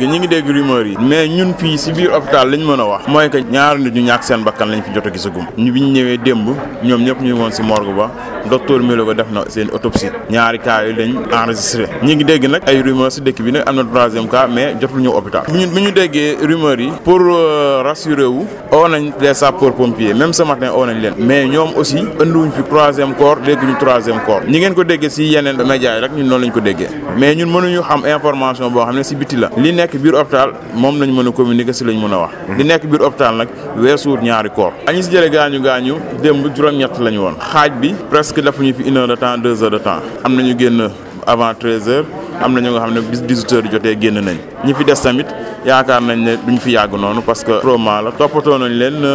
ñi ngi dégg rumeur yi mais ñun fii si biir hôpital lañ mën a wax mooy que ñaari nit ñu ñàkk seen bakkan lañ fi jot a gisagum ñu bi ñu ñëwee démb ñoom ñëpp ñu woon si morgue ba docteur Melo def na seen autopsie ñaari cas yi lañ ñi ngi dégg nag ay rumeur si dëkk bi nag am na troisième cas mais jotul ñu hôpital bu ñu bu ñu déggee rumeur yi pour euh, rassurer wu oo nañ les sapeurs pompiers même ce matin oo nañ leen mais ñoom aussi andiwuñ fi troisième corps dégguñu troisième corps ñi ngeen ko déggee si yeneen médias yi rek ñu noonu lañ ko déggee mais ñun mënuñu xam information boo xam ne si biti la li nekk biir hôpital moom lañ mën a si lañ mën a wax li nekk biir hôpital nag weesuut ñaari corps añu si jële gaañu gaañu démb juróom-ñett lañu woon xaaj bi presque que defuñu fi une heure de temps deux de temps am na ñu génn avant treize heures am na ñu nga xam ne bis dix-huit heures jotee génn nañ ñi fi des tamit yaakaar nañ ne duñ fi yàgg noonu parce que vraiment la toppatoo nañ leen.